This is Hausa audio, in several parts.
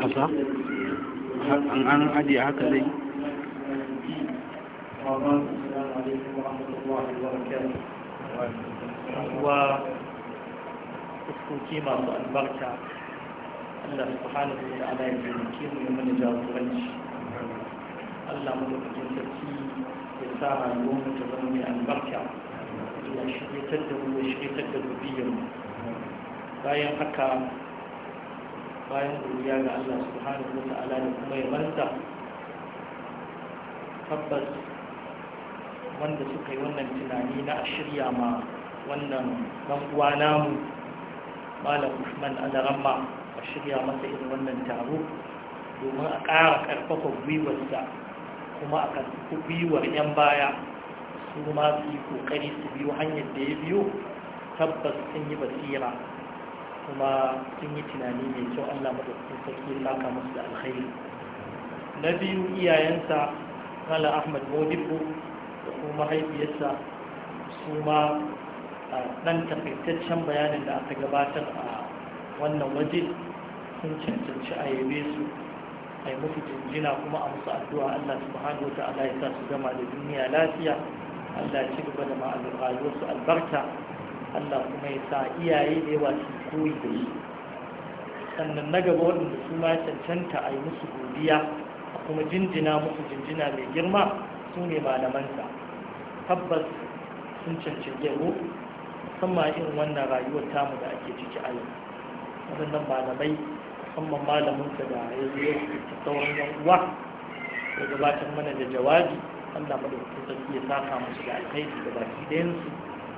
kasa an an ajiye haka zai wa fuskoki masu albarka Allah subhanahu wa ta'ala ya taimake mu ya mana jagoranci Allah mu da sarki ya sa rayuwar mu ta zama mai albarka Allah shi da shi ne tattabu biyan bayan haka bayan godiya ga Allah subhanahu wa ta'ala da kuma yabansa tabbas wanda suka yi wannan tunani na shirya ma wannan dan uwa namu malam Usman Adaramma a shirya masa irin wannan taro domin a ƙara ƙarfafa gwiwarsa kuma a ƙarfafa gwiwar 'yan baya Kuma ma su yi kokari su biyo hanyar da ya biyo tabbas sun yi basira kuma sun yi tunani mai kyau Allah madaukakin sarki ya musu da alkhairi na biyu iyayensa Mala Ahmad Modibo da kuma mahaifiyarsa su ma a ɗan tafaitaccen bayanin da aka gabatar a wannan waje sun cancanci a yabe su a yi musu jinjina kuma a musu addu'a Allah subhanahu wa ta'ala ya sa su gama da duniya lafiya Allah ci gaba da ma'azin rayuwarsu albarka Allah kuma ya sa iyaye da yawa su koyi da shi sannan na gaba waɗanda su ma cancanta a yi musu godiya a kuma jinjina musu jinjina mai girma su ne malamansa tabbas sun cancanci mu musamman irin wannan rayuwar tamu da ake ciki a yau waɗannan malamai musamman malaminsa da ya zo ya sauran yan uwa ya gabatar mana da jawabi Allah madaukakin sarki ya saka musu da alkhairi da baki dayansu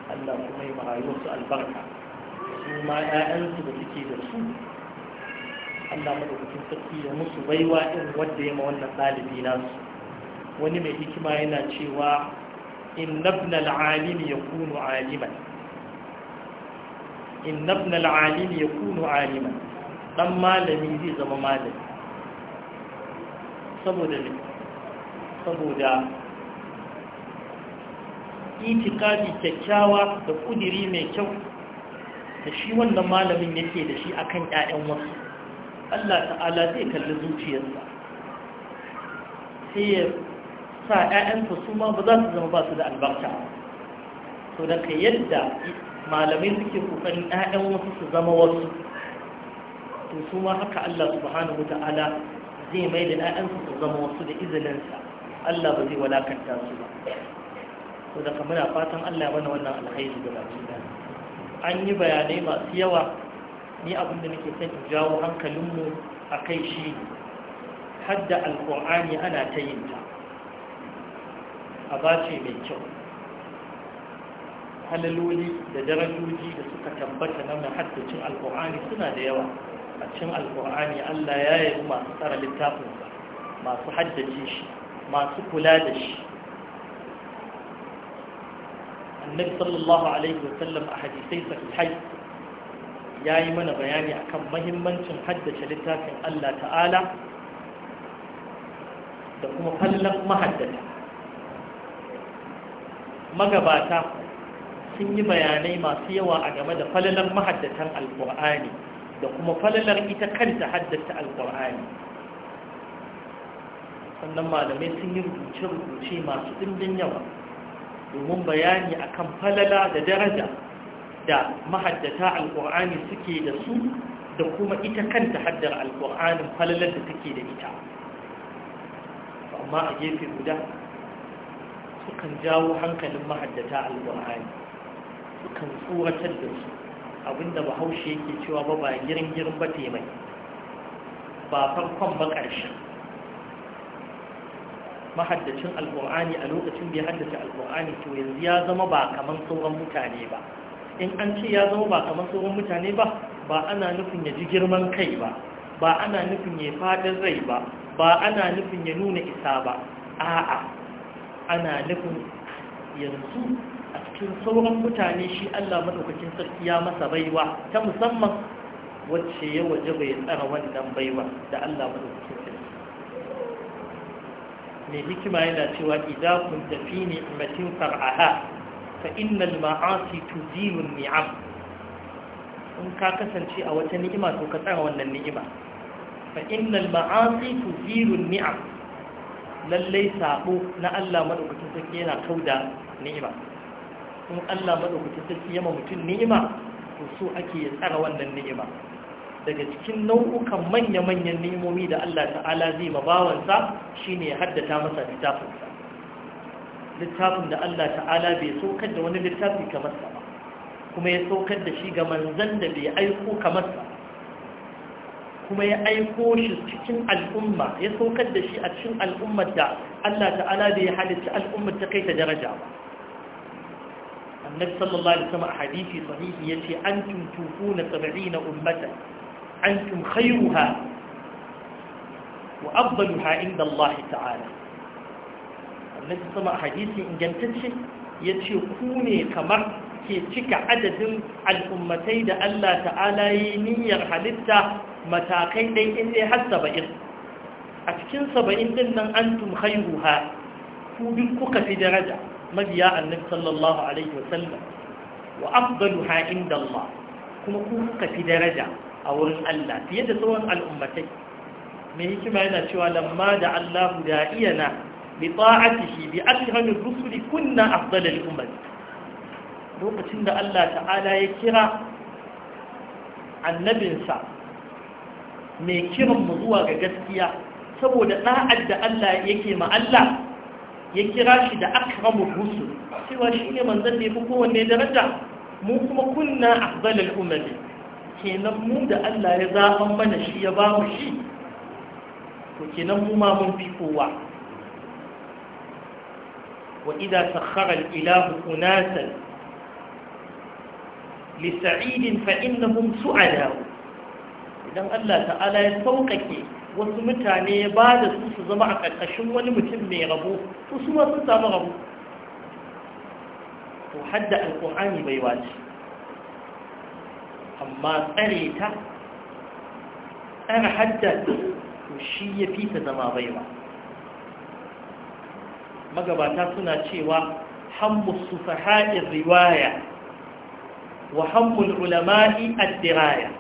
Allah kuma ya marayuwarsu albarka su ma ƴaƴansu da suke da su Allah madaukakin sarki ya musu baiwa irin wanda ya ma wannan ɗalibi nasu wani mai hikima yana cewa in nabna al'alimi ya kunu aliman in nabna al'alimi ya kunu aliman dan malami zai zama malami saboda ne saboda itikadi kyakkyawa da kudiri mai kyau da shi wannan malamin yake da shi akan ƴaƴan wasu Allah ta'ala zai kalli zuciyarsa sai ya sa ƴaƴansa su ma ba za su zama ba su da albarka to da ka yadda malamai suke kokarin ƴaƴan wasu su zama wasu to su ma haka Allah subhanahu ta'ala zai mai da ƴaƴansa su zama wasu da izininsa Allah ba zai walakanta su ba to daga muna fatan Allah mana wannan alkhairi ga baki da an yi bayanai masu yawa ni abin da nake son in jawo hankalinmu a kai shi hadda alkur'ani ana ta yin ta a bace mai kyau halaloli da darajoji da suka tabbata na mai haddacin alkur'ani suna da yawa a cikin alkur'ani Allah ya yi masu tsara littafinsa masu haddace shi masu kula da shi annabi sallallahu alaihi wa sallam a hadisai sahihai ya yi mana bayani akan mahimmancin haddace littafin Allah ta'ala da kuma mahaddata magabata sun yi bayanai masu yawa a game da falalar mahaddatan alkur'ani da kuma falalar ita kanta haddata alkur'ani sannan malamai sun yi rubuce-rubuce masu ɗimbin yawa domin bayani akan falala da daraja da mahaddata alkur'ani suke da su da kuma ita kanta haddar alkur'anin falalar da take da ita amma a gefe guda sukan jawo hankalin mahaddata alkur'ani sukan tsoratar da su abinda bahaushe yake cewa ba ba girin girin ba taimai ba farkon ba ƙarshen mahaddacin alkur'ani a lokacin bai haddace alkur'ani to yanzu ya zama ba kamar sauran mutane ba in an ce ya zama ba kamar sauran mutane ba ba ana nufin ya ji girman kai ba ba ana nufin ya faɗin rai ba ba ana nufin ya nuna isa ba a'a ana nufin yanzu a cikin sauran mutane shi Allah madaukakin sarki ya masa baiwa ta musamman wacce ya waje bai tsara wannan baiwa da Allah madaukakin mai hikima yana cewa idza kunta fi ni'matin far'aha fa innal ma'asi tuzilu ni'am in ka kasance a wata ni'ima to ka tsara wannan ni'ima fa innal ma'asi tuzilu ni'am lallai sabo na Allah madaukakin sarki yana kauda ni'ima in Allah madaukakin sarki yama mutum ni'ima to so ake ya tsara wannan ni'ima daga cikin nau'ukan manya-manyan nemomi da Allah ta'ala zai mabawansa shi ne haddata masa littafinsa littafin da Allah ta'ala bai saukar da wani littafi kamarsa ba kuma ya saukar da shi ga manzan da bai aiko kamarsa kuma ya aiko shi cikin al'umma ya saukar da shi a cikin al'ummar da Allah ta'ala bai halitta al'ummar ta kai ta daraja ba annabi sallallahu alaihi wasallam a hadisi sahihi yace antum tufuna 70 ummatan antum khayruha wa afdaluha inda Allah ta'ala annabi sama hadisi ingantacce yace ku ne kamar ke cika adadin al'ummatai da Allah ta'ala yi niyyar halitta matakai dai in dai har saba'in a cikin saba'in din nan an tum khayruha ku duk daraja mabiya annabi sallallahu alaihi inda kuma ku fi daraja a wurin Allah fiye da sauran al'ummatai mai hikima yana cewa lamma da Allah da iyana bi ta'atihi bi ashhamin rusuli kunna afdalal ummat lokacin da Allah ta'ala ya kira annabinsa mai kiran mu zuwa ga gaskiya saboda da'ad da Allah yake ma Allah ya kira shi da akramu rusul cewa shine manzon da kowanne daraja mu kuma kunna afdalal ummati kenan mu da Allah ya zaɓan mana shi ya ba mu shi to kenan mu ma mun fi kowa wa idan sakhara ilahu unasan li sa'idin fa innahum su'ada idan Allah ta'ala ya sauƙaƙe wasu mutane ya ba da su su zama a ƙarƙashin wani mutum mai rabo su su samu rabo to hadda alƙur'ani bai wace amma tsare ta tsare haddar to shi ya fi ta zama baiwa magabata suna cewa su sufaha'in riwaya wa hammul ulama'i addiraya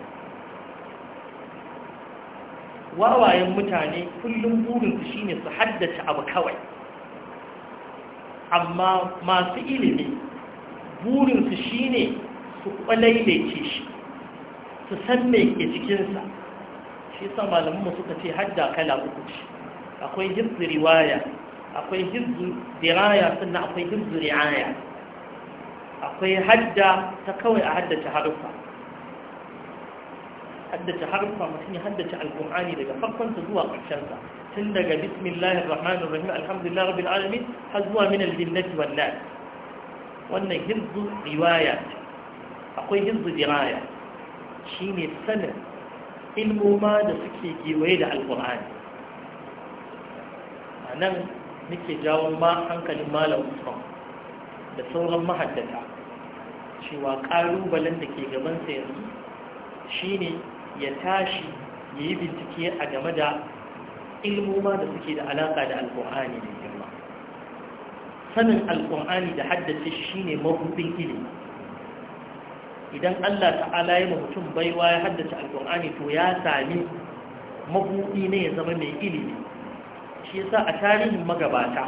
wawayen mutane kullum burinsu ne su haddace abu kawai amma masu ilimi burinsu shi ne su kwalailece shi su san me ke cikinsa shi sa malamanmu suka ce hadda kala uku ce akwai hibzu riwaya akwai hibzu diraya sannan akwai hibzu riaya akwai hadda ta kawai a haddace haruffa haddace haruffa mutum ya haddace alkur'ani daga farkonsa zuwa ƙarshensa tun daga bismillahir rahmanir rahim alhamdulillah rabbil alamin har zuwa min aljinnati wan nas wannan hibzu riwaya akwai hibzu diraya shine sanin ilmoma da suke giwaye da alƙur'ani a nan nake jawo ma hankalin malam usman da sauran mahaddata cewa ƙalubalen da ke gabansa yanzu ne ya tashi ya yi bincike a game da ilmoma da suke da alaƙa da alƙur'ani da girma sanin alƙur'ani da haddace shi ne mabuɗin ilimi idan Allah ta'ala ya mutum baiwa ya haddace alkur'ani to ya sami mabuɗi ne ya zama mai ilimi shi yasa a tarihin magabata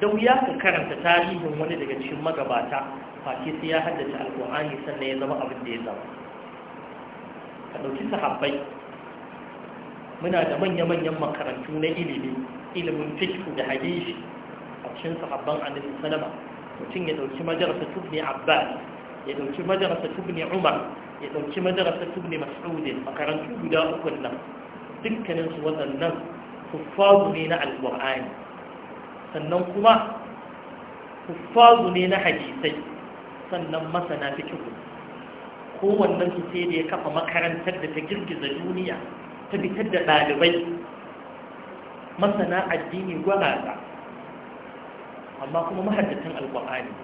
da wuya ka karanta tarihin wani daga cikin magabata Fati sai ya haddace alkur'ani sannan ya zama abin da ya zama ka ɗauki sahabbai muna da manya-manyan makarantu na ilimi ilimin fiqh da hadisi a cikin sahabban annabi salama mutum ya ɗauki majalisa tubni abbas ya dauki madrasa ibn umar ya dauki madrasa ibn mas'ud makarantu guda uku nan dukkanin su waɗannan kuffazu ne na alqur'ani sannan kuma kuffazu ne na hadisai sannan masana fiqh kowannen su sai da ya kafa makarantar da ta girgiza duniya ta fitar da ɗalibai masana addini gwaraza amma kuma mahaddatan alƙur'ani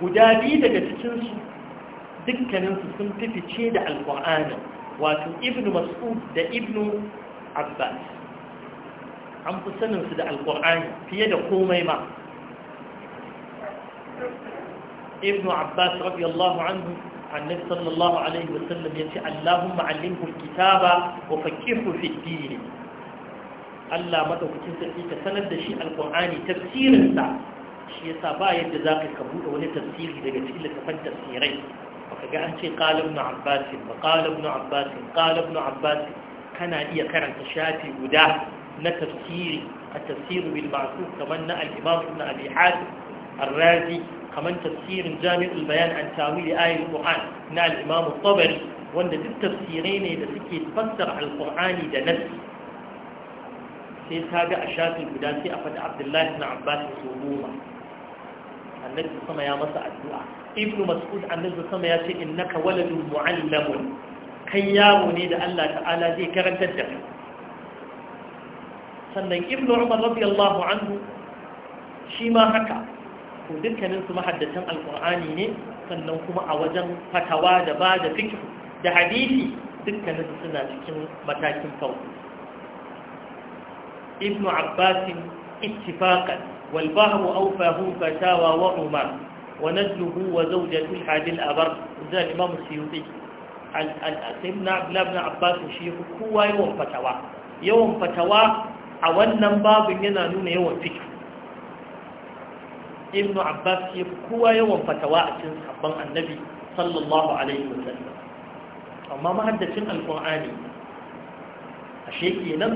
guda biyu daga cikinsu dukkaninsu sun fifice da alƙur'ani wato ibn mas'ud da ibn abbas an fi saninsu da alƙur'ani fiye da komai ma ibn abbas rabi allahu anhu annabi sallallahu alaihi wasallam ya ce allahumma allimhu alkitaba wa faqihu fi din Allah madaukakin sarki ka sanar da shi alƙur'ani tafsirinsa shi yasa ba yadda za ka ka wani tafsiri daga cikin littafin tafsirai ka ga an ce qala ibn abbas ba qala ibn abbas qala ibn abbas kana iya karanta shafi guda na tafsiri a tafsiru bil ma'suf kamar na al-imam ibn abi hatim ar-razi kamar tafsirin jami'ul bayan an tawili ayatul qur'an na al-imam at-tabari wanda duk tafsirai ne da suke fassara alkur'ani da nasi sai ta ga a shafin guda sai a faɗi abdullahi na abbas su goma annabi sama ya masa addu'a ibnu mas'ud annabi sama ya ce innaka waladun mu'allamun kai yaro ne da Allah ta'ala zai karantar da kai sannan ibnu umar radiyallahu anhu shi ma haka ko dukkanin su mahaddatan alqur'ani ne sannan kuma a wajen fatawa da ba da da hadisi dukkanin su suna cikin matakin farko ibnu abbas ittifaqan والبهر أوفاه فتاوى وعمر ونزله وزوجة الحاد الأبر ذا الإمام السيوطي سيدنا عبد الله بن عباس الشيخ هو يوم فتوى يوم فتوى أولا باب ينانون يوم فكر ابن عباس الشيخ هو يوم فتوى أتن صحبان النبي صلى الله عليه وسلم أما ما حدثين القرآن الشيخ ينم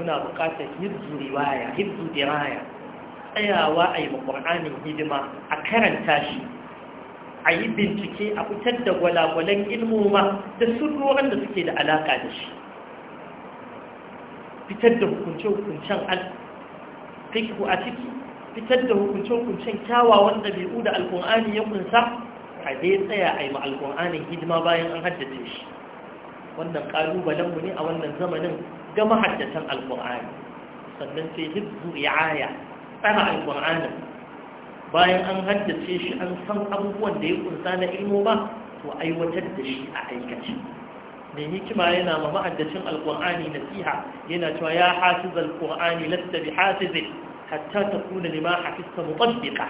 هنا بقاتل هبز رواية هبز دراية tsayawa a yi maƙur'anin hidima a karanta shi a yi bincike a fitar da gwalagwalan ilmoma da surrorin da suke da alaƙa da shi fitar da hukunce-hukuncen alfiku a ciki fitar da hukunce-hukuncen kyawawan dabi'u da alƙur'ani ya kunsa a dai tsaya a yi ma alƙur'anin hidima bayan an haddace shi wannan ƙalubalenmu ne a wannan zamanin ga mahaddatan alƙur'ani sannan sai hibzu ya tsara alƙur'ani bayan an haddace shi an san abubuwan da ya kunsa na ilmo ba to aiwatar da shi a aikace mai hikima yana ma ma'addacin na siha yana cewa ya hafiz alƙur'ani lasta bi hafiz hatta takuna lima hafizta mutabbiqa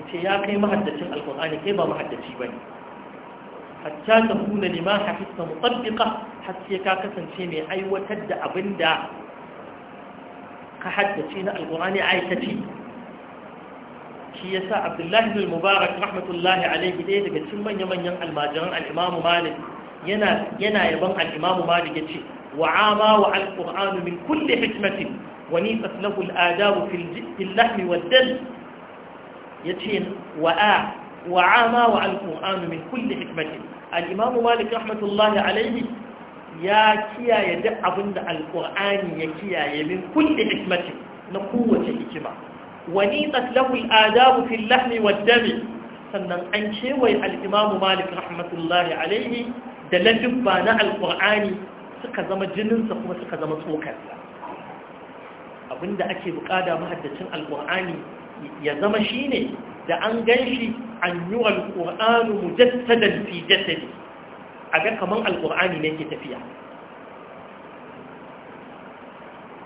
Wuce ya kai ma'addacin alƙur'ani kai ba ma'addaci bane hatta takuna lima hafizta mutabbiqa har sai ka kasance mai aiwatar da abinda كحدثين القرآن عائشتي فيه كيسا عبد الله بن المبارك رحمة الله عليه ليه لقد ثم يمن ين الماجران الإمام مالك ينا ينا يبن الإمام مالك يتشي وعاما وعلى القرآن من كل حكمة ونيفت له الآداب في اللحم والدل يتشي وعا وعاما وعلى القرآن من كل حكمة الإمام مالك رحمة الله عليه ya kiyaye duk abin da alƙur'ani ya kiyaye min kulli hikmatin na kowace hikima wani tsatlahul adabu fil lahmi wad dami sannan an kewaye al-imamu malik rahmatullahi alaihi da ladubba na alƙur'ani suka zama jininsa kuma suka zama sa. abinda ake bukada mahaddacin alƙur'ani ya zama shine da an ganshi an yi alƙur'anu mujaddadan fi jasadi a ga kaman alkur'ani ne ke tafiya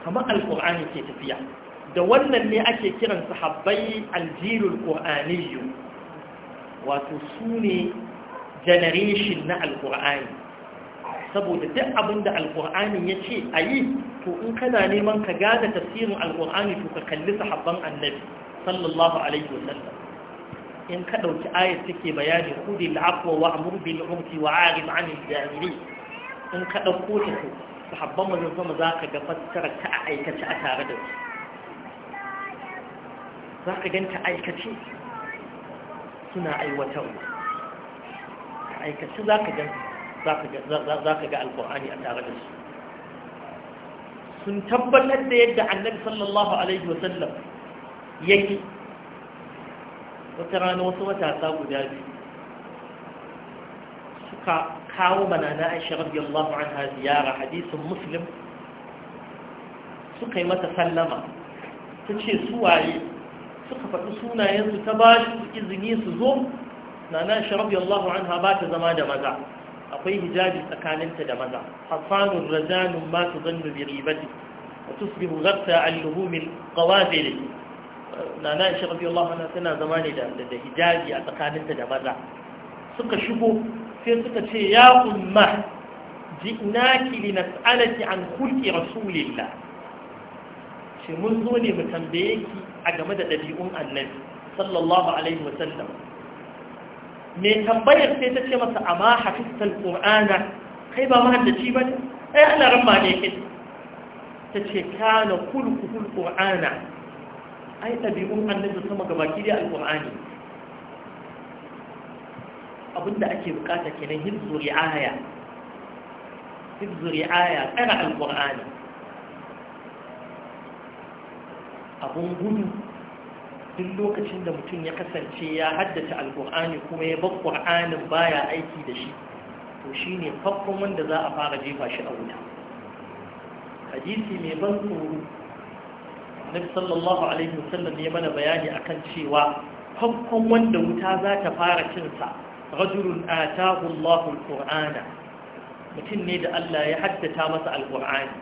alkur'ani ke tafiya da wannan ne ake kiran sahabbai aljilul qur'aniyyu wato su ne generation na alkur'ani saboda duk abin da alkur'ani ya ce a yi to in kana neman ka gada tafsirin alkur'ani to ka kalli sahabban annabi sallallahu alaihi wasallam in ka ɗauki ayat take bayani kudi al'afwa wa amur bil urfi wa arim an al in ka ɗauko ta ko habban manzon sama za ka ga fassara ta a aikace a tare da su zaka ganta aikace suna aiwatarwa a aikace za ka gan, za ka ga alqur'ani a tare da su sun tabbatar da yadda annabi sallallahu alaihi wasallam yake wata rana wasu matasa guda biyu suka kawo mana na aisha radiyallahu anha ziyara hadisin muslim suka yi mata sallama ta ce su waye suka faɗi sunayensu ta ba shi izini su zo na na aisha radiyallahu anha ba ta zama da maza akwai hijabi tsakaninta da maza Hassanun rajanun ma su zannu bi ribati tusbihu ghatta al-luhumil nana ishe rabi Allah hana suna zama ne da hijabi a tsakaninta da maza suka shigo sai suka ce ya umma ji'naki li nas'alaki an kulki rasulillah ce mun zo ne mu tambaye ki a game da ɗabi'un annabi sallallahu alaihi wa sallam me tambayar sai ta ce masa amma hafiztal qur'ana kai ba mahallaci ba ai eh, Allah ramma ne kai ta ce kana kulku qur'ana ai ɗabi'un annabi sama ga baki da alƙur'ani abinda ake bukata kenan hibzu ri'aya hibzu ri'aya kana alƙur'ani abun gudu duk lokacin da mutum ya kasance ya haddace alƙur'ani kuma ya bar ƙur'anin baya aiki da shi to shine farkon wanda za a fara jefa shi a wuta hadisi mai ban tsoro nabi sallallahu alaihi wasallam ya mana bayani akan cewa farkon wanda wuta za ta fara cinsa rajulun atahu Allahu alqur'ana mutum ne da Allah ya haddata masa alqur'ani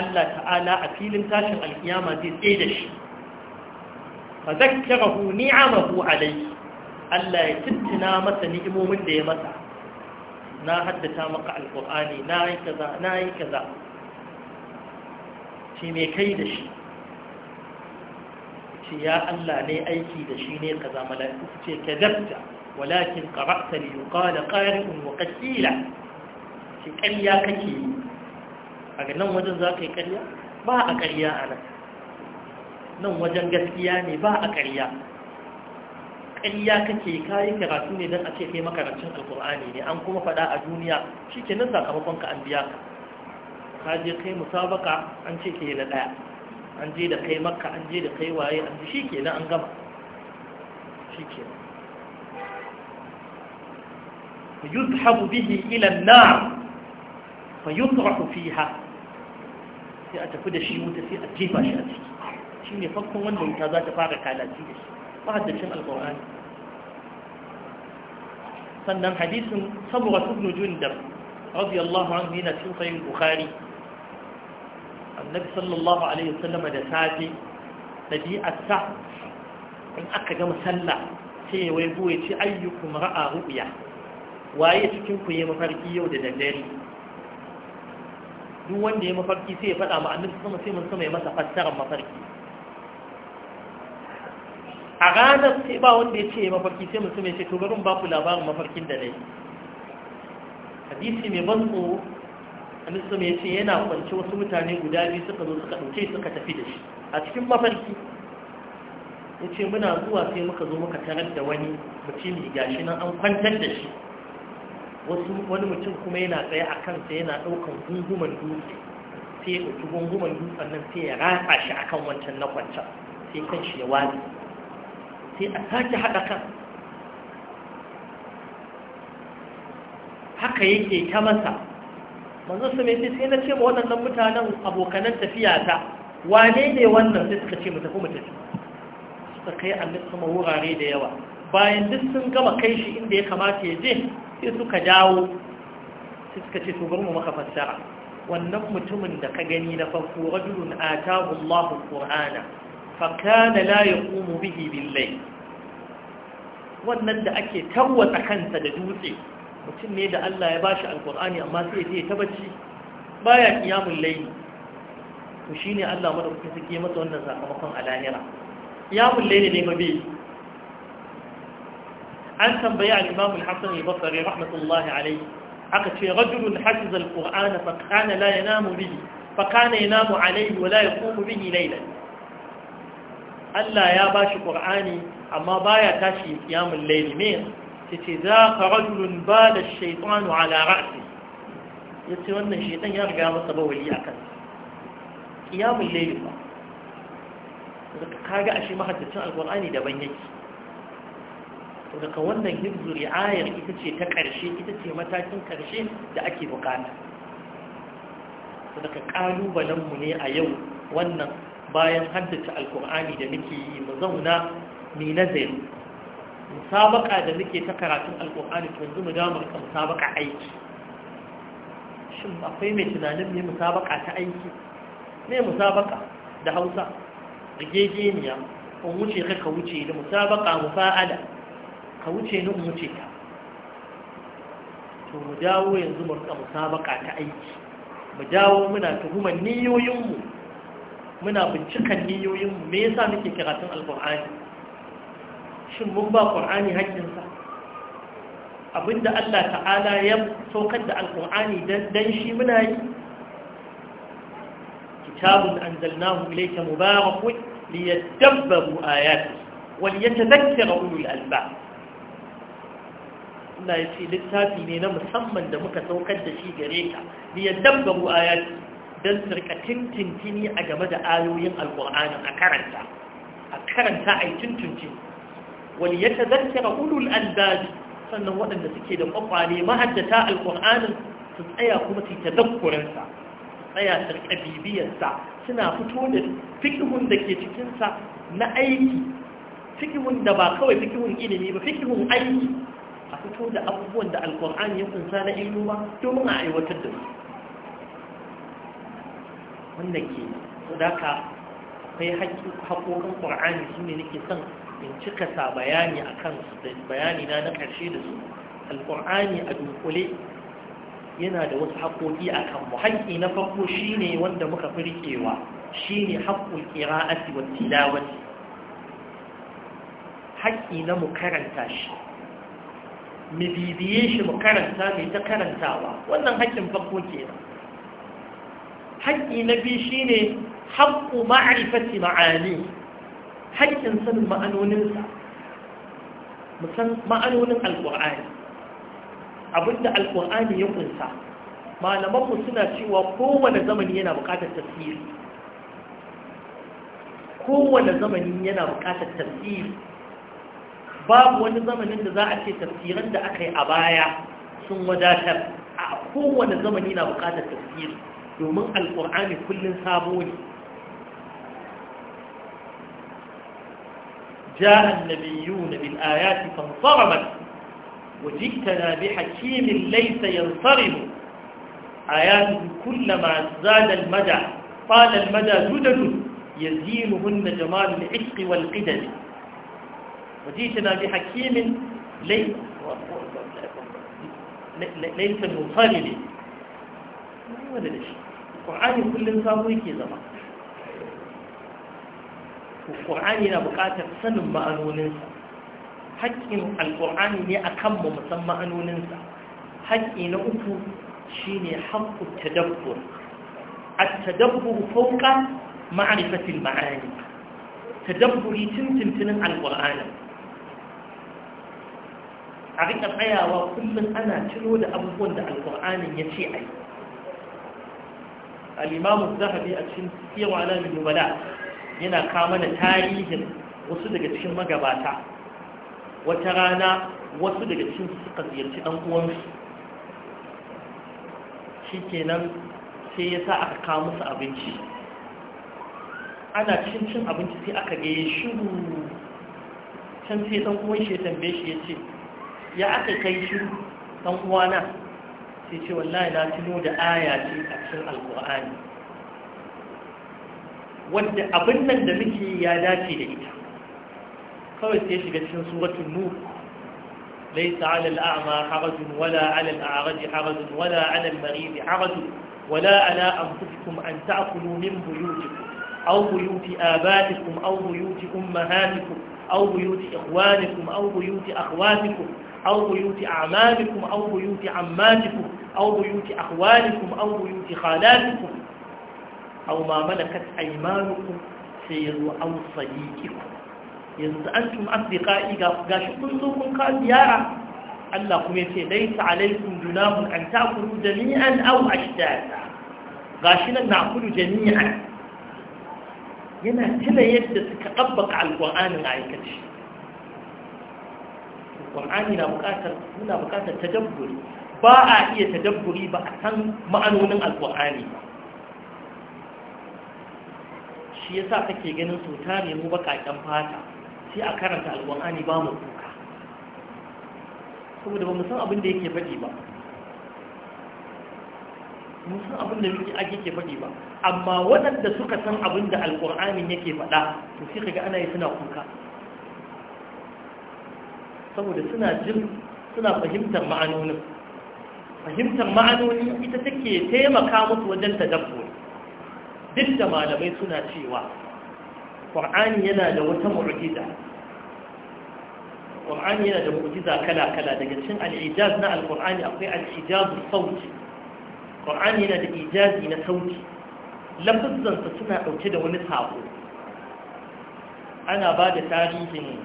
Allah ta'ala a filin tashin alkiyama zai tsaye da shi fa zakkarahu ni'amahu alayhi Allah ya tuntuna masa ni'imomin da ya masa na haddata maka alqur'ani na kaza na yi kaza shi mai kai da shi ce ya Allah ne aiki da shi ne ka kaza mala'iku ce ka dabta walakin qara'ta li da qari'un wa qatila ce ƙarya kake yi a ga nan wajen za ka yi ƙarya ba a ƙarya a nan nan wajen gaskiya ne ba a ƙarya ƙarya kake kayi karatu ne don a ce kai makarancin Alƙur'ani ne an kuma faɗa a duniya shi ke nan sakamakonka an biya ka ka je kai musabaka an ce ke na ɗaya an je da kai makka an je da kai waye an ji shi kenan an gama shi kenan يذهب به إلى النار فيطرح فيها sai a tafi da shi wuta sai a jefa shi a ciki shi ne farkon wanda wuta za ta fara kalaci da shi mahaddacin alkur'ani sannan hadisin saboda ibn jundab radiyallahu anhu yana cikin sahih bukhari annabi sallallahu alaihi wasallam da safi dabi'arsa in aka gama sallah sai ya waigo ya ce ayyukum ra'a ru'ya waye cikin ku yi mafarki yau da daddare duk wanda ya mafarki sai ya faɗa ma annabi sama sai mun sama ya masa fassarar mafarki a ranar sai ba wanda ya ce ya mafarki sai mutum ya ce to garin ba ku labarin mafarkin da dai hadisi mai ban tsoro annisam ya ce yana kwance wasu mutane guda biyu suka zo suka ɗauke suka tafi da shi a cikin mafarki ya ce muna zuwa sai muka zo muka tarar da wani mutum mutumi gashi nan an kwantar da shi wani mutum kuma yana tsaye a kansa yana ɗaukan gunguman dutse sai ya ɗauki gunguman dutsen nan sai ya ratsa shi a kan wancan na kwancan sai kan shi ya wani sai a sake haɗa kan haka yake ta masa manzo su mai sai na ce ma waɗannan mutanen abokanan tafiya ta wane ne wannan sai suka ce mu tafi mu tafi suka kai annabi kuma wurare da yawa bayan duk sun gama kai shi inda ya kamata ya je sai suka dawo sai suka ce to mu maka fassara wannan mutumin da ka gani na farko rajulun atahu Allahu qur'ana fa kana la yaqumu bihi bil wannan da ake tarwata kansa da dutse mutum ne da Allah ya bashi alkur'ani amma sai ya ta bacci baya kiyamul layli to shine Allah madaukakin sake masa wannan sakamakon a lahira kiyamul layli ne mabi an tambaye al-Imam al-Hasan al-Basri rahmatullahi alayhi aka ce rajulun hafiz al-Qur'an fa kana la yanamu bihi fa kana yanamu alayhi wa la yaqumu bihi laylan Allah ya bashi Qur'ani amma baya tashi kiyamul layli ne yace za ka rajulun bala a ala Ya ce wannan shaytan ya riga masa bawali akan qiyamul layl ba daga kaga a ashe mahaddacin alqur'ani daban yake to daga wannan hibzu ri'ayar ita ce ta ƙarshe, ita ce matakin ƙarshe da ake bukata to daga kalubalen ne a yau wannan bayan haddace alqur'ani da muke yi mu zauna mu nazari musabaka da muke ta karatun alkur'ani to yanzu mu da mu rika musabaka aiki shin akwai mai tunanin me musabaka ta aiki me musabaka da Hausa gejeniya in wuce ka ka wuce da musabaka mufa'ala ka wuce ni in wuce ka to mu dawo yanzu mu ka musabaka ta aiki mu dawo muna tuhumar niyoyinmu muna bincikan niyoyinmu me yasa muke karatun alkur'ani shin mun ba ƙur'ani haƙƙinsa abinda Allah ta'ala ya saukar da alƙur'ani dan shi muna yi kitabun anzalnahu ilayka mubarakun liyadabbaru ayatihi wal yatadhakkara ulul albab Allah ya ce littafi ne na musamman da muka saukar da shi gare ka liyadabbaru ayatihi don sirka tintintini a game da ayoyin alƙur'ani a karanta a karanta a yi tintintini wani ya tazakkira ulul albabi sannan waɗanda suke da ƙwaƙwale mahaddata alƙur'anin su tsaya kuma su yi ta tazakkurinsa tsaya su bibiyarsa suna fito da fikihun da ke cikinsa na aiki fikihun da ba kawai fikihun ilimi ba fikihun aiki a fito da abubuwan da alƙur'ani ya kunsa na ilmuwa domin a aiwatar da su wannan ke sadaka akwai haƙoƙin ƙur'ani su ne nake son in cika sa bayani a kansu da bayani na na ƙarshe da su alƙur'ani a dunkule yana da wasu haƙoƙi a mu. haƙƙi na farko shi ne wanda muka fi riƙewa shi ne haƙƙul ƙira'ati wa tilawati haƙƙi na mu karanta shi mu bibiye shi mu karanta mai ta karantawa wannan haƙƙin farko ke haƙƙi na biyu shi ne haƙƙu ma'arifati ma'ani haƙƙin sanin ma'anoninsa musan ma'anonin alƙur'ani abinda alƙur'ani ya kunsa malamanmu suna cewa kowane zamani yana buƙatar tafsiri kowane zamani yana buƙatar tafsiri babu wani zamanin da za a ce tafsiran da aka yi a baya sun wadatar a kowane zamani na buƙatar tafsiri domin alƙur'ani kullum sabo ne جاء النبيون بالآيات فانصرمت وجئتنا بحكيم ليس ينصرم آياته كلما زاد المدى طال المدى جدد يزينهن جمال العشق والقدم وجئتنا بحكيم ليس ليس منصرم ولا شيء القرآن كل صابوي كذا ƙur'ani na buƙatar sanin ma'anoninsa haƙƙin alƙur'ani ne a kanmu musan ma'anoninsa haƙƙi na uku shi ne haƙƙun tadabbur a tadabbur fauka ma'arifatin ma'ani tadabburi tuntuntunin alƙur'ani a riƙa tsayawa kullum ana ciro da abubuwan da alƙur'anin ya ce a yi الإمام الذهبي a cikin على من نبلاء yana kama da tarihin wasu daga cikin magabata wata rana wasu daga cikin suka ziyarci ɗan uwansu shi kenan sai ya sa aka kawo su abinci ana cin cin abinci sai aka gaye shiru can sai ɗan uwan shi ya tambaye shi ya ce ya aka kai shiru ɗan uwana sai ce wallahi na tuno da aya ce a cikin alƙur'ani wanda abin nan da muke ya dace da ita kawai sai shiga cikin suratul ليس على الأعمى حرج ولا على الأعرج حرج ولا على المريض حرج ولا على أنفسكم أن تأكلوا من بيوتكم أو بيوت آباتكم أو بيوت أمهاتكم أو بيوت إخوانكم أو بيوت أخواتكم أو بيوت أعمامكم أو بيوت عماتكم أو بيوت أخوالكم أو بيوت خالاتكم aw ma malakat aymanukum sai yazo aw sadiqikum yanzu antum asdiqai ga shi kun zo kun ka ziyara Allah kuma yace laysa alaykum junahun an ta'kulu jami'an aw ashtata gashi nan na na'kulu jami'an yana tuna yadda suka tabbaka alqur'anin aikaci alqur'ani na bukatar muna bukatar tadabburi ba a iya tadabburi ba a san ma'anonin alqur'ani ba shi sa kake ganin su tare mu bakaken fata sai a karanta alwani ba mu kuka saboda ba mu san abin da yake faɗi ba mu san abin da muke ake ke faɗi ba amma waɗanda suka san abin da alƙur'anin yake faɗa to sai kaga ana yi suna kuka saboda suna jin suna fahimtar ma'anonin fahimtar ma'anoni ita take taimaka musu wajen tadabbu duk da malamai suna cewa ƙwar'ani yana da wata murgiza ƙwar'ani yana da kala-kala daga cin al'ijaz na al'ƙwar'ani akwai al'ijazu sauti ƙwar'ani yana da ijazi na sauti lafizansa suna ɗauke da wani sako ana ba da tarihin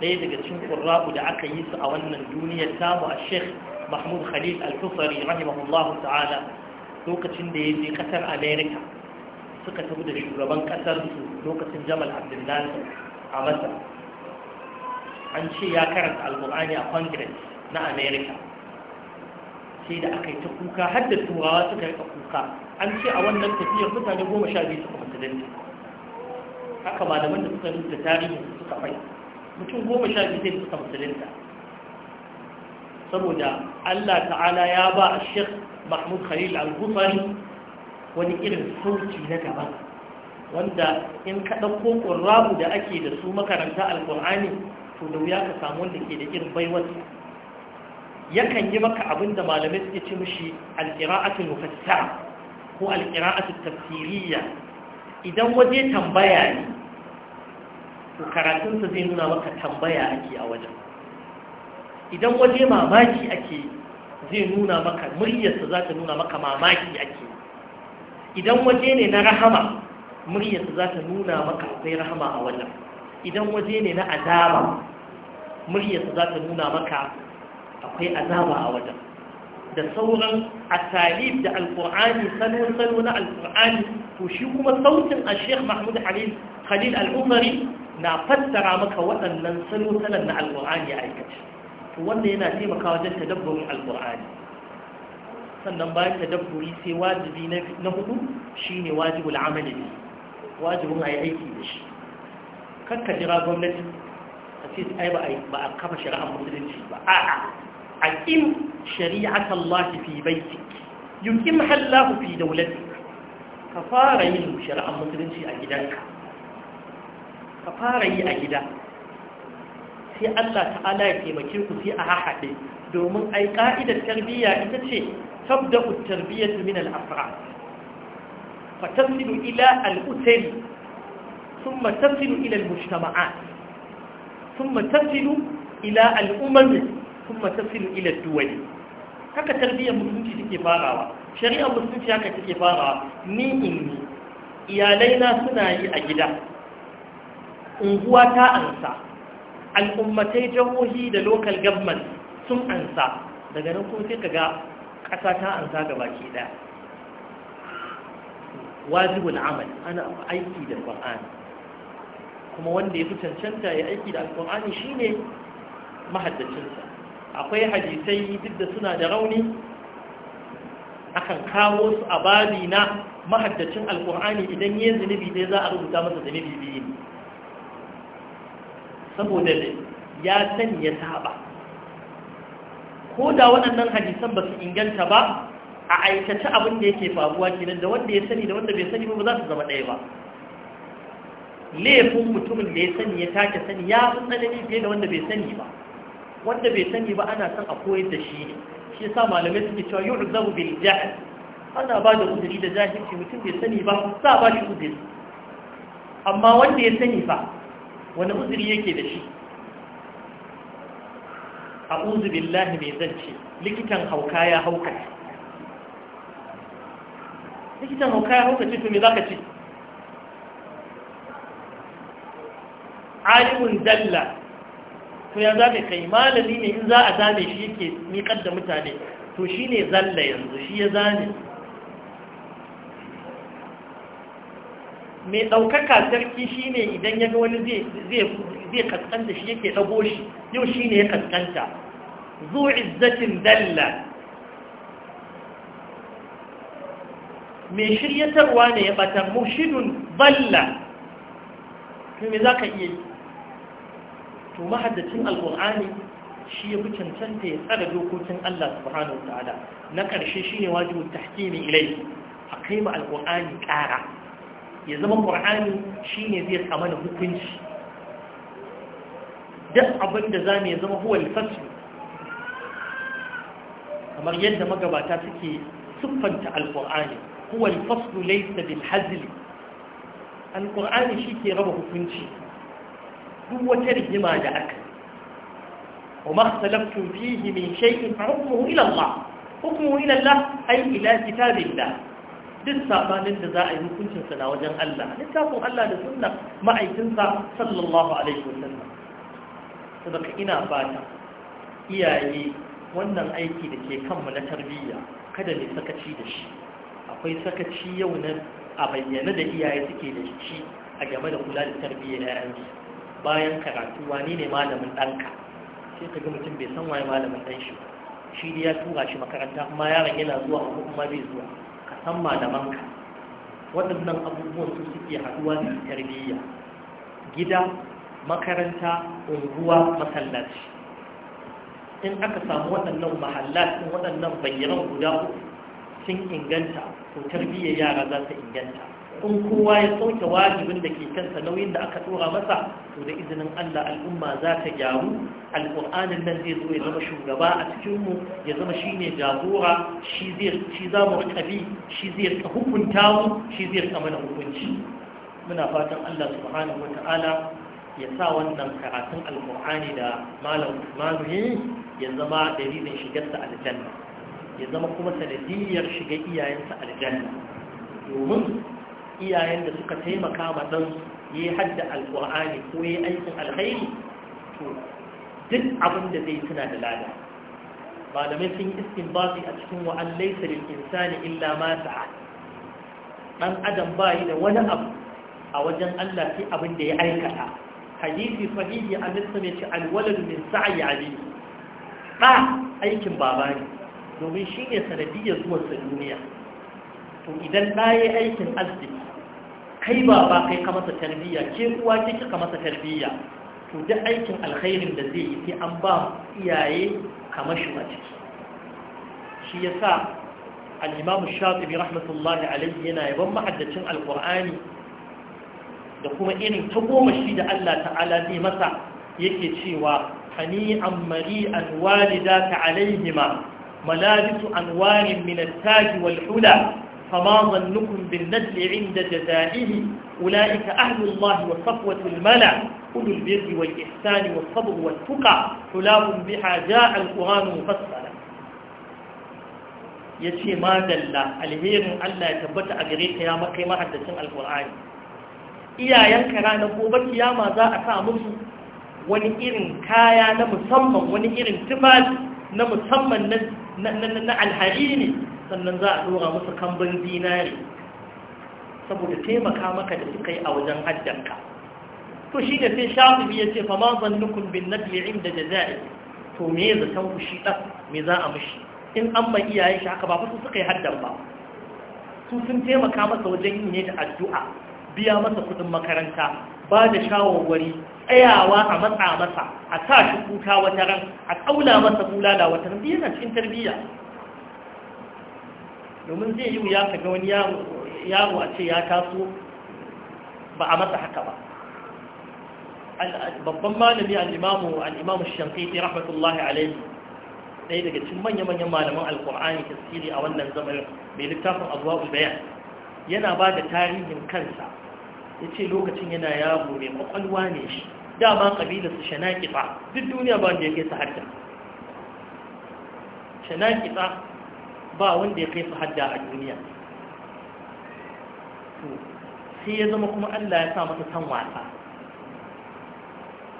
ɗaya daga cikin ƙurra'u da aka yi su a wannan duniyar tamu a sheikh mahmud khalil al-fusari rahimahullahu ta'ala lokacin da ya je ƙasar america suka tafi da shugaban kasar su lokacin jamal abdullahi a masar an ce ya karanta al alkur'ani a congress na america sai da aka yi ta kuka har da turawa suka rika kuka an ce a wannan tafiyar mutane goma sha biyu suka musulunta haka malaman da suka rubuta tarihin su suka fai mutum goma sha biyu sai suka musulunta saboda allah ta'ala ya ba a shek mahmud khalil al-gufari wani irin sauki na gaba wanda in ka ɗauko ƙurrabu da ake da su makaranta alƙur'ani to da wuya ka samu wanda ke da irin baiwar yakan yi maka abin da malamai suke ci mishi alƙira'atu mufassara ko alƙira'atu tafsiriyya idan waje tambaya ne to karatunsa zai nuna maka tambaya ake a wajen idan waje mamaki ake zai nuna maka muryarsa za ta nuna maka mamaki ake idan waje ne na rahama muryarsa za ta nuna maka akwai rahama a wajen idan waje ne na azaba muryarsa za ta nuna maka akwai azaba a wajen da sauran asalib da alkur'ani salo-salo na alkur'ani to shi kuma sautin a sheikh mahmud khalil al'umari na fassara maka waɗannan salo-salon na alkur'ani a aikace to wanda yana taimaka wajen tadabbarin alkur'ani sannan bayan dabburi sai wajibi na hudu shine wajibul amali ne wajibin ayi aiki da shi kakka jira gwamnati a ce ai ba ba a kafa shari'ar musulunci ba a'a aqim shari'at Allah fi baitik yumkin hallahu fi dawlatik ka fara yin shari'ar musulunci a gidanka ka fara yi a gida sai Allah ta'ala ya taimake ku sai a haɗe domin ai ka'idar tarbiyya ita ce تبدأ التربية من الأفعال فتصل إلى الأسر ثم تصل إلى المجتمعات ثم تصل إلى الأمم ثم تصل إلى الدول haka tarbiyyar musulunci take farawa shari'ar musulunci haka take farawa ni in ni iyalaina suna yi a gida unguwa ta ansa al'ummatai jihohi da lokal government sun ansa daga nan kuma ga ƙasa ta ansa ga baki ɗaya wajibul amal ana aiki da qur'ani kuma wanda ya fi cancanta ya aiki da alqur'ani shine mahaddacinsa akwai hadisai duk da suna da rauni akan kawo su a babi na mahaddacin alkur'ani idan yin zunubi dai za a rubuta masa zunubi biyu saboda ya sani ya saba ko da waɗannan hadisan ba su inganta ba a aikace abin da yake faruwa kenan da wanda ya sani da wanda bai sani ba za su zama ɗaya ba laifin mutumin da ya sani ya take sani ya fi tsanani fiye da wanda bai sani ba wanda bai sani ba ana son a koyar da shi ne shi yasa malamai suke cewa zabu bil jahl ana ba da uzuri da jahilci mutum bai sani ba za ba shi uzuri amma wanda ya sani ba wani uzuri yake da shi a uzu lahi mai zance likitan hauka ya hauka likitan hauka ya hauka ce to me za ka ce alimun dalla to ya za kai malami ne in za a zame shi yake miƙar da mutane to shi ne zalla yanzu shi ya zane mai ɗaukaka sarki shi ne idan ya ga wani zai kaskanta shi yake ɗago shi yau shi ne ya kaskanta zuwa izzatin dalla mai shiryatarwa ne ya ɓata mushidun balla to me za ka iya yi to mahaddacin alƙur'ani shi ya fi cancanta ya tsara dokokin Allah subhanahu wa ta'ala na ƙarshe shi ne wajibin tahkimi ilai a kai ma alƙur'ani ƙara ya zama ƙur'ani shi ne zai kama hukunci duk abin da za mu ya zama huwa alfasu kamar yadda magabata suke siffanta alƙur'ani huwa alfasu laisa bil hazli alƙur'ani shi ke raba hukunci duk wata rigima da aka وما اختلفتم فيه من شيء فحكمه إلى الله hukumu إلى الله ai ila kitabin da. duk sabanin da za a yi hukuncinsa na wajen Allah littafin Allah da sunna ma'aikinsa sallallahu alaihi wasallam saboda ina fata iyaye wannan aiki da ke kanmu na tarbiyya kada ne sakaci da shi akwai sakaci yau na a bayyana da iyaye suke da shi a game da kula da tarbiyyar yayansu bayan karatu wani ne malamin ɗanka sai ka ga mutum bai san waye malamin ɗan shi shi ya tura shi makaranta amma yaron yana zuwa kuma bai zuwa san manka, waɗannan abubuwan su suke haɗuwa su tarbiyya gida makaranta unguwa masallaci in aka samu waɗannan mahallatin waɗannan bayyanan guda uku sun inganta to tarbiyyar yara za ta inganta in kowa ya sauke wajibin da ke kansa nauyin da aka tsora masa to da izinin Allah al'umma za ta gyaru alƙur'anin nan zai zo ya zama shugaba a cikinmu ya zama shi ne jagora shi za mu rikabi shi zai rika hukunta mu shi zai rika mana hukunci muna fatan Allah subhanahu wa ta'ala ya sa wannan karatun alƙur'ani da malam Usmanu ya zama dalilin shigarsa aljanna ya zama kuma sanadiyyar shiga iyayensa aljanna domin iyayen da suka taimaka ma ɗansu ya yi hadda alƙur'ani ko ya yi aikin alkhairi to duk abin da zai tuna da lada malamai sun yi istinbati a cikin wa'an laisa lil insani illa ma sa'a dan adam bai da wani abu a wajen Allah fi abin da ya aikata hadisi sahihi annabi sai ce alwalad min sa'i ali da aikin baba ne domin shine sanadiyar zuwa sa duniya to idan da aikin arziki kai ba ba kai ka masa tarbiyya ke uwa ke kika masa tarbiyya to duk aikin alkhairin da zai yi sai an ba iyaye kamar shi a ciki shi yasa al-imam shatibi rahmatullahi alayhi yana yaban mahaddacin alqur'ani da kuma irin ta goma shi da Allah ta'ala zai masa yake cewa ani ammari an walidaka alayhima malabitu anwarin min at-taj wal hula فما ظنكم بالنجل عند جزائه أولئك أهل الله وصفوة الملع أولو البر والإحسان والصبر والتقى حلاب بها جاء القرآن مفصلا يشي ما دل الهير ألا يتبت أجريك يا مقيمة حدثين القرآن إيا ينكر أن قوبك يا ما ذا أتامر wani irin kaya na musamman wani irin tufafi na musamman na alhari ne sannan za a dora musu kambin zinari saboda taimaka maka da suka yi a wajen haddanka to shi da sai shafi ya ce fa ma zannukum bin nabli inda jaza'i to me ya zata ku shi me za a mushi? in an mai iyayen shi haka ba fa su suka yi ba su sun taimaka masa wajen yi ne da addu'a biya masa kudin makaranta ba da shawarwari tsayawa a matsa masa a sa shi kuka wata ran a kaula masa bulala wata ran biyan cikin tarbiyya domin zai yi ya ka ga wani yaro a ce ya taso ba a masa haka ba babban malami al'imamu al'imamu shankiti rahmatullahi alaihi ɗaya daga cikin manya-manyan malaman alkur'ani tasiri a wannan zamanin mai littafin abuwa bayan yana ba da tarihin kansa ya ce lokacin yana yaro mai kwakwalwa ne shi dama ƙabilar su shanaƙiɓa duk duniya ba wanda ya kai su harta shanaƙiɓa ba wanda ya kai su hadda a duniya sai ya zama kuma Allah ya sa masa san wasa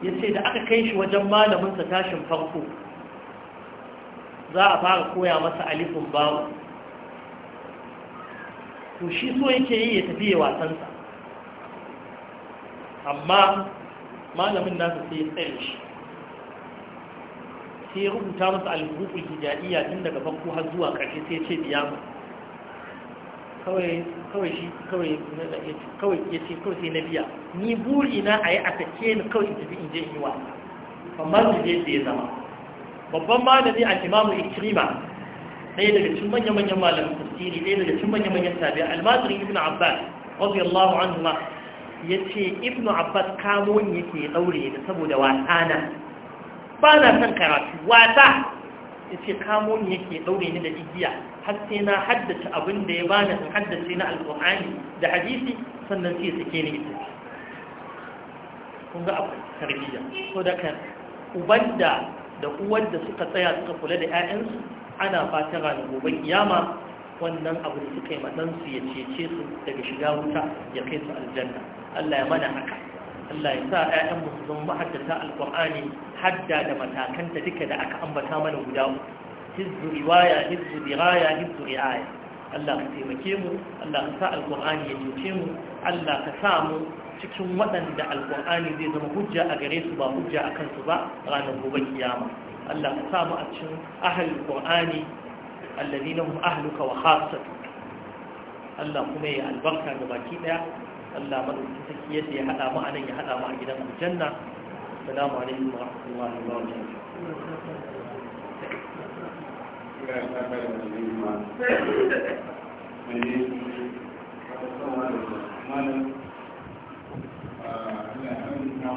ya ce da aka kai shi wajen malaminsa tashin farko za a fara koya masa alifin bawo to shi so yake yi ya tafi ya wasansa amma malamin nasa sai ya tsaye shi sai ya rubuta masa al hijaiya tun daga farko har zuwa ƙarshe sai ya ce biya mu kawai kawai shi kawai ya ce kawai sai na biya ni buri na a yi a sake ni kawai tafi in je in yi wasa amma su je da ya zama babban malami a imamu ikrima ɗaya daga cikin manya-manyan malamin tafsiri ɗaya daga cikin manya-manyan tabi almasirin ibn abbas radiyallahu anhu ma ya ce ibn abbas kamo ni yake ɗaure da saboda wasana ba na son karatu wata ya ce kamo ni yake ɗaure ni da igiya har sai na haddace abin da ya bani in haddace na alƙur'ani da hadisi sannan sai sake ni ita kun abu tarbiyya so da kan uban da uwar da suka tsaya suka kula da 'ya'yansu ana fatan ran gobe kiyama wannan abu da suka yi matsansu ya cece su daga shiga wuta ya kai su aljanna Allah ya mana haka Allah ya sa 'ya'yan mu su zama mahaddata alqur'ani hadda da matakanta duka da aka ambata mana guda hizbu riwaya hizbu diraya hizbu riaya Allah ka taimake mu Allah ka sa alqur'ani ya cuce mu Allah ka sa mu cikin waɗanda alƙur'ani zai zama hujja a gare su ba hujja a kansu ba ranar gobe kiyama Allah ka samu a cikin ahalul qur'ani alladhina mu ahluka wa khassatu Allah kuma ya albarka ga baki ɗaya. Allah madaukakin sarki yadda ya hada mu anan ya hada mu a gidan aljanna assalamu alaikum wa rahmatullahi wa barakatuh